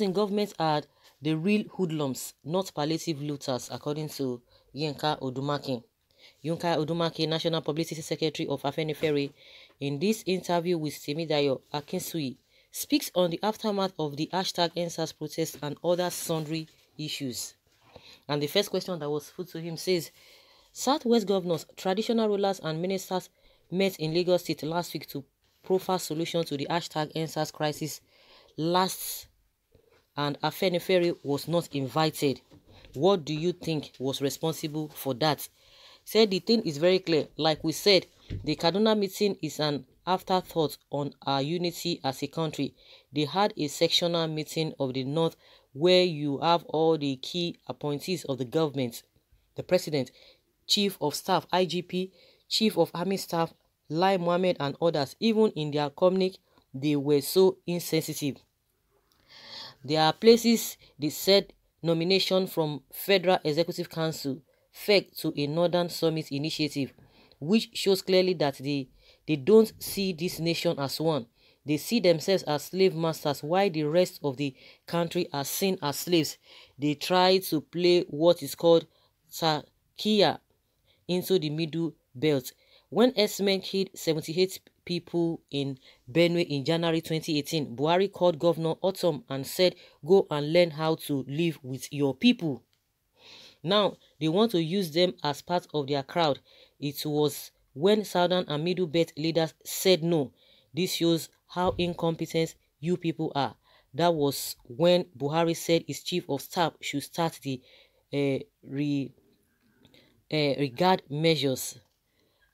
in government are the real hoodlums, not palliative looters, according to Yinka Odumake. Yinka Odumake, National Publicity Secretary of Afenifere, in this interview with Semidayo Akinsui, speaks on the aftermath of the hashtag NSAS protest and other sundry issues. And the first question that was put to him says, Southwest governors, traditional rulers and ministers met in Lagos City last week to a solution to the hashtag NSAS crisis last and Ferry was not invited. What do you think was responsible for that? Said the thing is very clear. Like we said, the Kaduna meeting is an afterthought on our unity as a country. They had a sectional meeting of the North where you have all the key appointees of the government, the president, chief of staff, IGP, chief of army staff, Lai Mohammed and others. Even in their communique, they were so insensitive. There are places the said nomination from Federal Executive Council fed to a Northern Summit initiative, which shows clearly that they, they don't see this nation as one. They see themselves as slave masters while the rest of the country are seen as slaves. They try to play what is called Sakia into the middle belt. When S-Men killed 78 people in Benue in January 2018, Buhari called Governor Autumn and said, go and learn how to live with your people. Now, they want to use them as part of their crowd. It was when Southern and Middle Belt leaders said no. This shows how incompetent you people are. That was when Buhari said his chief of staff should start the uh, re, uh, regard measures.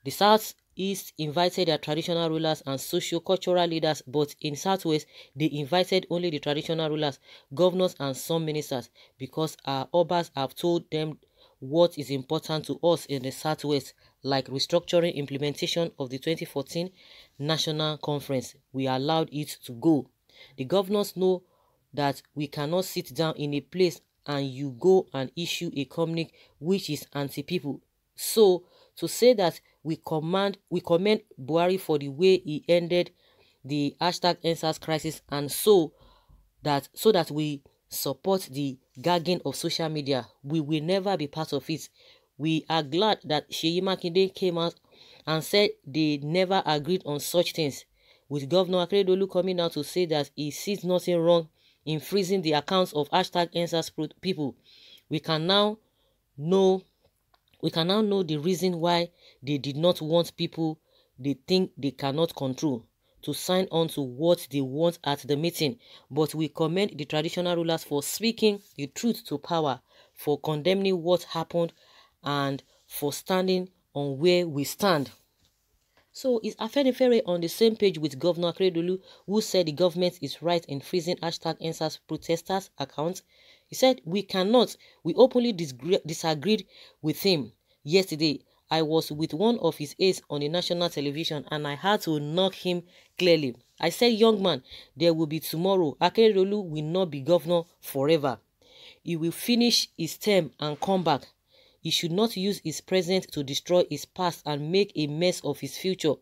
The South East invited their traditional rulers and socio-cultural leaders, but in Southwest, they invited only the traditional rulers, governors and some ministers, because our obas have told them what is important to us in the Southwest, like restructuring implementation of the 2014 National Conference. We allowed it to go. The governors know that we cannot sit down in a place and you go and issue a communique which is anti-people. So, to say that we command we commend Buhari for the way he ended the hashtag answers crisis and so that so that we support the gagging of social media we will never be part of it we are glad that Sheyi Makinde came out and said they never agreed on such things with governor Akredolu coming out to say that he sees nothing wrong in freezing the accounts of hashtag answers people we can now know we can now know the reason why they did not want people they think they cannot control to sign on to what they want at the meeting, but we commend the traditional rulers for speaking the truth to power, for condemning what happened, and for standing on where we stand. So is Afenifere on the same page with Governor Akredolu, who said the government is right in freezing hashtag answers protesters' accounts? He said, We cannot. We openly disagreed with him yesterday. I was with one of his aides on the national television and I had to knock him clearly. I said, Young man, there will be tomorrow. Akerolu will not be governor forever. He will finish his term and come back. He should not use his present to destroy his past and make a mess of his future.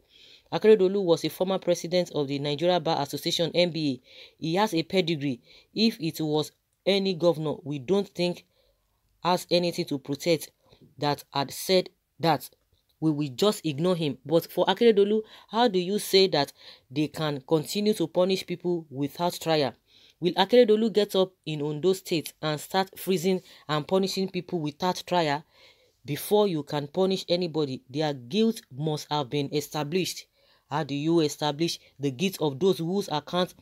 Akeredolu was a former president of the Nigeria Bar Association, NBA. He has a pedigree. If it was any governor we don't think has anything to protect that had said that we will just ignore him. But for Akeredolu, how do you say that they can continue to punish people without trial? Will Akeredolu get up in Ondo State and start freezing and punishing people without trial? Before you can punish anybody, their guilt must have been established. How do you establish the guilt of those whose accounts?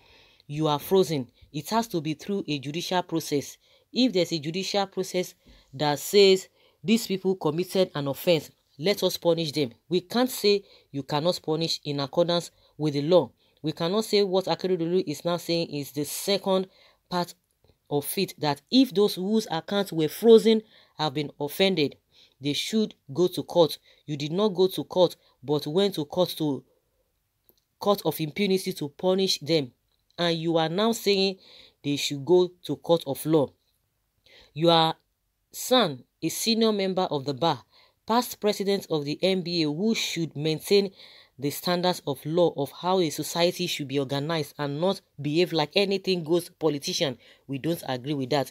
you are frozen. It has to be through a judicial process. If there's a judicial process that says these people committed an offense, let us punish them. We can't say you cannot punish in accordance with the law. We cannot say what Akeredolu is now saying is the second part of it that if those whose accounts were frozen have been offended, they should go to court. You did not go to court, but went to court to court of impunity to punish them and you are now saying they should go to court of law. Your son, a senior member of the bar, past president of the NBA who should maintain the standards of law of how a society should be organized and not behave like anything goes politician. We don't agree with that.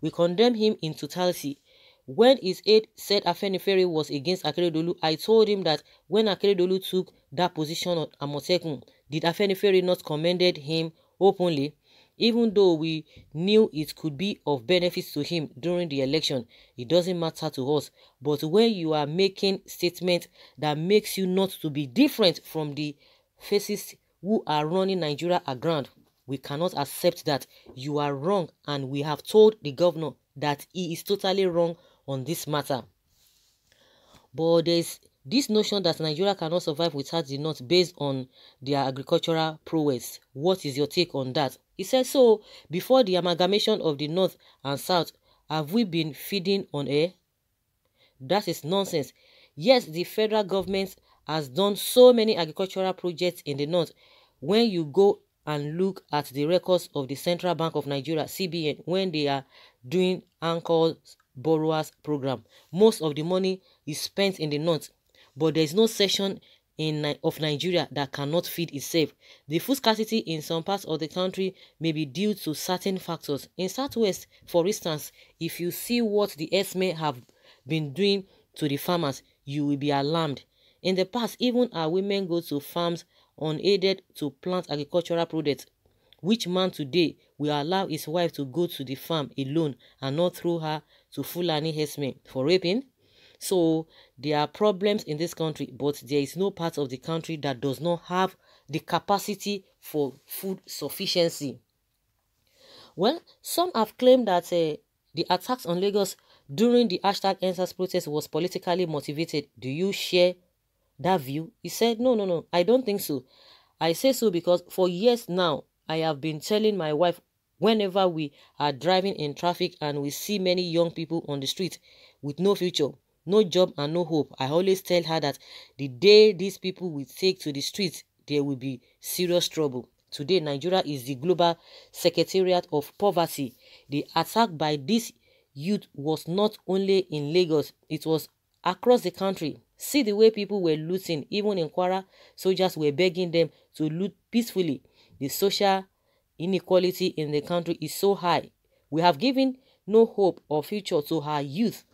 We condemn him in totality. When his aide said Afeniferi was against Akeredolu, I told him that when Akeredolu took that position on Amotekun, did Afeniferi not commended him openly, even though we knew it could be of benefit to him during the election. It doesn't matter to us. But when you are making statements that makes you not to be different from the faces who are running Nigeria aground, we cannot accept that you are wrong and we have told the governor that he is totally wrong on this matter. But there's this notion that Nigeria cannot survive without the North based on their agricultural prowess, what is your take on that? He said, so before the amalgamation of the North and South, have we been feeding on air? That is nonsense. Yes, the federal government has done so many agricultural projects in the North. When you go and look at the records of the Central Bank of Nigeria, CBN, when they are doing anchor borrowers program, most of the money is spent in the North but there is no section in of Nigeria that cannot feed itself. The food scarcity in some parts of the country may be due to certain factors. In Southwest, for instance, if you see what the may have been doing to the farmers, you will be alarmed. In the past, even our women go to farms unaided to plant agricultural products. Which man today will allow his wife to go to the farm alone and not throw her to Fulani herdsmen for raping? So there are problems in this country, but there is no part of the country that does not have the capacity for food sufficiency. Well, some have claimed that uh, the attacks on Lagos during the hashtag answers protest was politically motivated. Do you share that view? He said, No, no, no, I don't think so. I say so because for years now, I have been telling my wife whenever we are driving in traffic and we see many young people on the street with no future, no job and no hope. I always tell her that the day these people will take to the streets, there will be serious trouble. Today, Nigeria is the global secretariat of poverty. The attack by this youth was not only in Lagos, it was across the country. See the way people were looting. Even in Kwara, soldiers were begging them to loot peacefully. The social inequality in the country is so high. We have given no hope or future to her youth.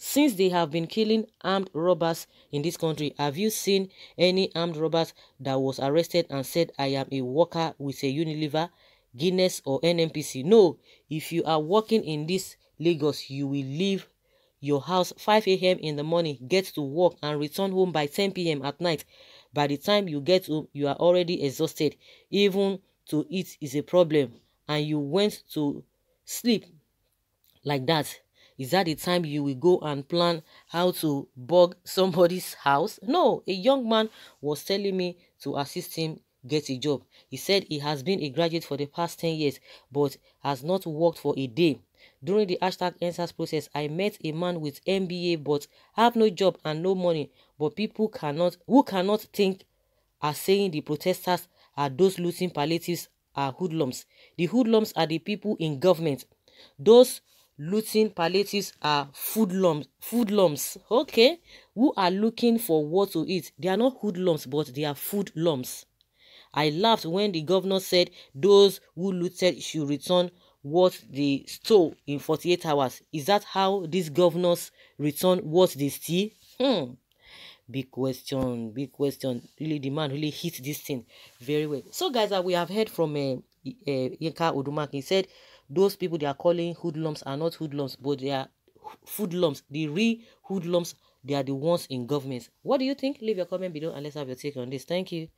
Since they have been killing armed robbers in this country, have you seen any armed robbers that was arrested and said, I am a worker with a Unilever, Guinness or NMPC? No, if you are working in this Lagos, you will leave your house 5 a.m. in the morning, get to work and return home by 10 p.m. at night. By the time you get home, you are already exhausted. Even to eat is a problem and you went to sleep like that is that the time you will go and plan how to bug somebody's house? No, a young man was telling me to assist him get a job. He said he has been a graduate for the past 10 years but has not worked for a day. During the hashtag answers process, I met a man with MBA but have no job and no money. But people cannot who cannot think are saying the protesters are those looting palliatives are hoodlums. The hoodlums are the people in government. Those looting palliatives are Food lumps. okay who are looking for what to eat they are not lumps, but they are food lumps. i laughed when the governor said those who looted should return what they stole in 48 hours is that how these governors return what they steal hmm. big question big question really the man really hit this thing very well so guys uh, we have heard from uh, uh, Yinka Odumak he said those people they are calling hoodlums are not hoodlums, but they are hoodlums. The real hoodlums, they are the ones in governments. What do you think? Leave your comment below and let's have your take on this. Thank you.